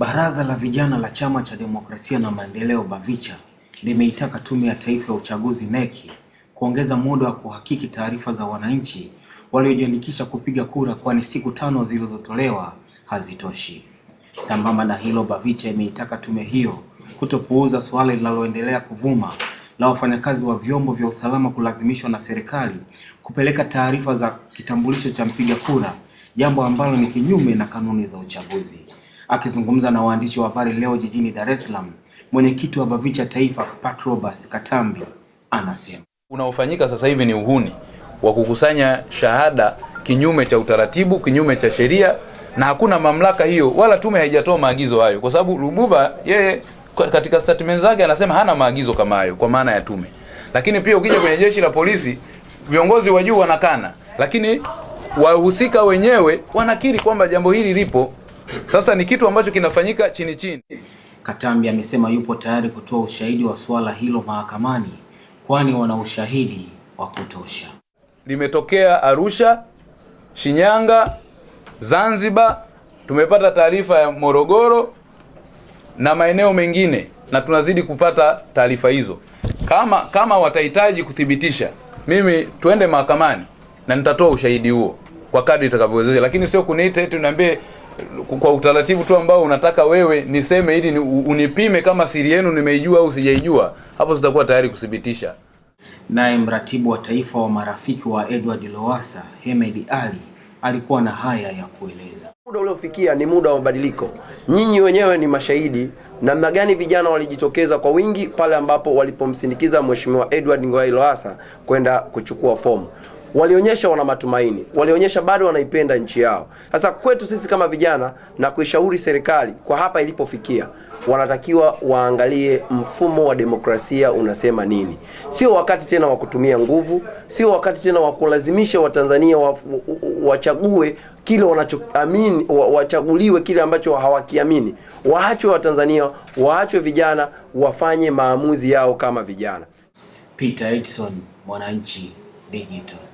Baraza la vijana la Chama cha Demokrasia na Maendeleo BAVICHA limeitaka Tume ya Taifa ya Uchaguzi NEC kuongeza muda wa kuhakiki taarifa za wananchi waliojiandikisha kupiga kura, kwani siku tano zilizotolewa hazitoshi. Sambamba na hilo, BAVICHA imeitaka tume hiyo kutopuuza suala linaloendelea kuvuma la wafanyakazi wa vyombo vya usalama kulazimishwa na serikali kupeleka taarifa za kitambulisho cha mpiga kura, jambo ambalo ni kinyume na kanuni za uchaguzi. Akizungumza na waandishi wa habari leo jijini Dar es Salaam, mwenyekiti wa BAVICHA Taifa Patrobas Katambi anasema unaofanyika sasa hivi ni uhuni wa kukusanya shahada kinyume cha utaratibu, kinyume cha sheria, na hakuna mamlaka hiyo wala tume haijatoa maagizo hayo, kwa sababu Lubuva yeye katika statement zake anasema hana maagizo kama hayo kwa maana ya tume. Lakini pia ukija kwenye jeshi la polisi, viongozi wa juu wanakana, lakini wahusika wenyewe wanakiri kwamba jambo hili lipo. Sasa ni kitu ambacho kinafanyika chini chini. Katambi amesema yupo tayari kutoa ushahidi wa suala hilo mahakamani kwani wana ushahidi wa kutosha. Limetokea Arusha, Shinyanga, Zanzibar, tumepata taarifa ya Morogoro na maeneo mengine na tunazidi kupata taarifa hizo. Kama kama watahitaji kuthibitisha, mimi tuende mahakamani na nitatoa ushahidi huo kwa kadri itakavyowezesha, lakini sio kuniita eti niambie kwa utaratibu tu ambao unataka wewe niseme ili unipime kama siri yenu nimeijua au sijaijua, hapo sitakuwa tayari kuthibitisha. Naye mratibu wa taifa wa marafiki wa Edward Lowassa Hemed Ali alikuwa na haya ya kueleza. Muda uliofikia ni muda wa mabadiliko. Nyinyi wenyewe ni mashahidi namna gani vijana walijitokeza kwa wingi pale ambapo walipomsindikiza Mheshimiwa Edward Ngoyai Lowassa kwenda kuchukua fomu walionyesha wana matumaini, walionyesha bado wanaipenda nchi yao. Sasa kwetu sisi kama vijana, na kuishauri serikali kwa hapa ilipofikia, wanatakiwa waangalie mfumo wa demokrasia unasema nini. Sio wakati tena wa kutumia nguvu, sio wakati tena wa kulazimisha Watanzania wachague kile wanachoamini, wachaguliwe kile ambacho hawakiamini. Waachwe Watanzania, waachwe vijana wafanye maamuzi yao kama vijana. Peter Edson, Mwananchi Digital.